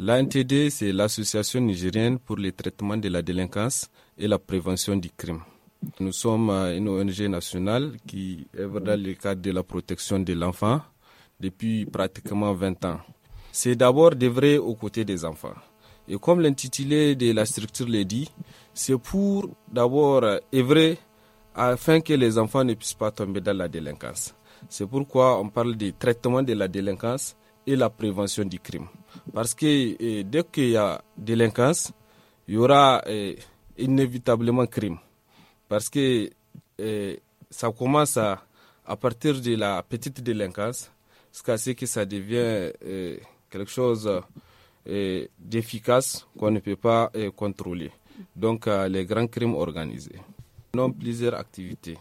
L'ANTD, c'est l'Association nigérienne pour le traitement de la délinquance et la prévention du crime. Nous sommes une ONG nationale qui œuvre dans le cadre de la protection de l'enfant depuis pratiquement 20 ans. C'est d'abord d'œuvrer aux côtés des enfants. Et comme l'intitulé de la structure le dit, c'est pour d'abord œuvrer afin que les enfants ne puissent pas tomber dans la délinquance. C'est pourquoi on parle du traitement de la délinquance et la prévention du crime. Parce que eh, dès qu'il y a délinquance, il y aura eh, inévitablement crime. Parce que eh, ça commence à, partir de la petite délinquance jusqu'à ce que ça devient quelque chose d'efficace qu'on ne peut pas contrôler. Donc euh, les grands crimes organisés. nombre plusieurs activités.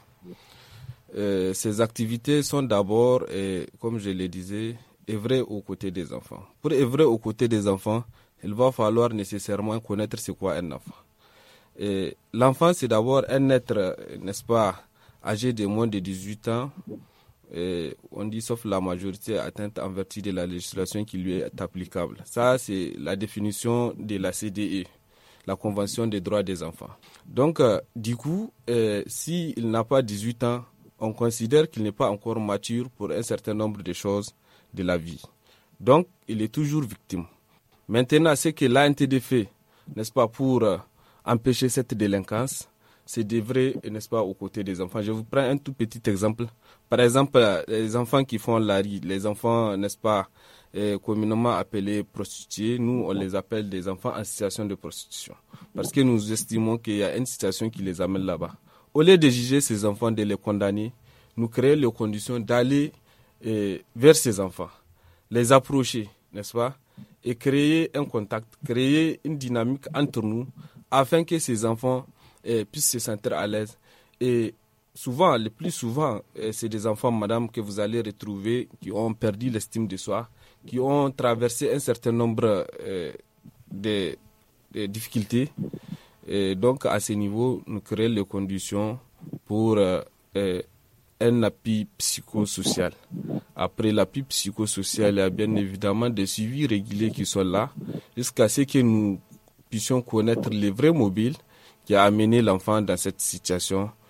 ces activités sont d'abord, comme je le disais, œuvrer aux côtés des enfants. Pour œuvrer aux côtés des enfants, il va falloir nécessairement connaître ce quoi un enfant. L'enfant, c'est d'abord un être, n'est-ce pas, âgé de moins de 18 ans, et on dit sauf la majorité atteinte en vertu de la législation qui lui est applicable. Ça, c'est la définition de la CDE, la Convention des droits des enfants. Donc, euh, du coup, euh, s'il n'a pas 18 ans, on considère qu'il n'est pas encore mature pour un certain nombre de choses de la vie. Donc, il est toujours victime. Maintenant, ce que l'ANTD fait, n'est-ce pas, pour euh, empêcher cette délinquance, c'est de vrai, n'est-ce pas, aux côtés des enfants. Je vous prends un tout petit exemple. Par exemple, euh, les enfants qui font la rue, les enfants, n'est-ce pas, euh, communément appelés prostitués, nous, on les appelle des enfants en situation de prostitution. Parce que nous estimons qu'il y a une situation qui les amène là-bas. Au lieu de juger ces enfants, de les condamner, nous créons les conditions d'aller vers ses enfants, les approcher, n'est-ce pas, et créer un contact, créer une dynamique entre nous afin que ces enfants eh, puissent se sentir à l'aise. Et souvent, le plus souvent, eh, c'est des enfants, madame, que vous allez retrouver qui ont perdu l'estime de soi, qui ont traversé un certain nombre eh, de, difficultés. Et donc, à ce niveau, nous créons les conditions pour un appui psychosocial. Après l'appui psychosocial, il y a bien évidemment des suivis réguliers qui sont là jusqu'à ce que nous puissions connaître les vrais mobiles qui a amené l'enfant dans cette situation